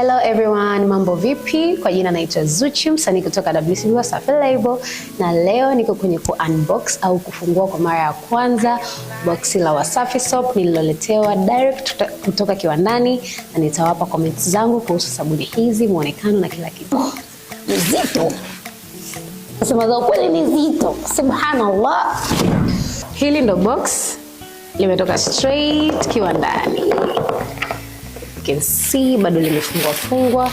Hello everyone, mambo vipi? Kwa jina naitwa Zuchu, msanii kutoka WCB Wasafi Label, na leo niko kwenye ku unbox au kufungua kwa mara ya kwanza boxi la Wasafi Soap nililoletewa direct kutoka kiwandani, na nitawapa comments zangu kuhusu sabuni hizi, muonekano na kila kitu. Oh, nzito. nasema za kweli ni nzito. Subhanallah. Hili ndo box limetoka straight kiwandani can see bado limefungwa fungwa,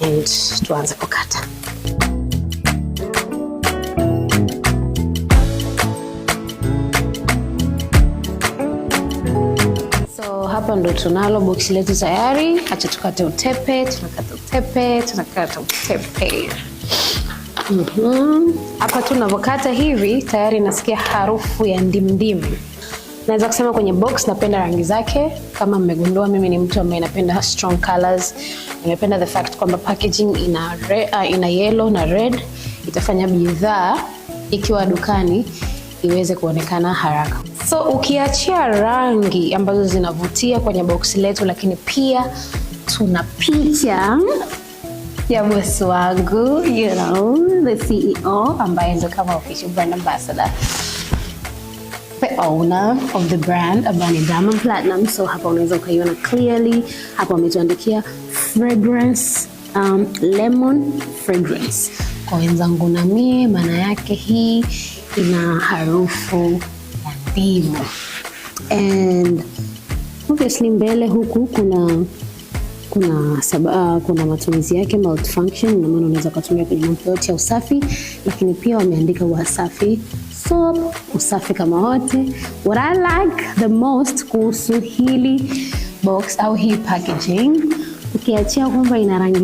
and tuanze kukata. hapa ndo tunalo boksi letu tayari. Acha tukate utepe, tunakata utepe, tunakata utepe Mm -hmm. Hapa tu navyokata hivi tayari nasikia harufu ya ndimndimu. Naweza kusema kwenye box napenda rangi zake. Kama mmegundua, mimi ni mtu ambaye napenda strong colors. Nimependa the fact kwamba packaging ina re, uh, ina yellow na red, itafanya bidhaa ikiwa dukani iweze kuonekana haraka. So ukiachia rangi ambazo zinavutia kwenye boksi letu, lakini pia tuna picha ya bosi wangu, you know, the CEO ambaye ndo kama official brand ambassador the owner of the brand Abani Diamond Platinum. So hapa unaweza ukaiona clearly, hapa wametuandikia fragrance um, lemon fragrance kwa wenzangu na mie, maana yake hii ina harufu ya ndimu, and obviously mbele huku kuna kuna, saba, uh, kuna matumizi yake multifunction, na maana unaweza kutumia kwenye mambo yote ya usafi, lakini pia wameandika wasafi soap, usafi kama wote. What I like the most kuhusu hili box au hii packaging ukiachia kwamba ina rangi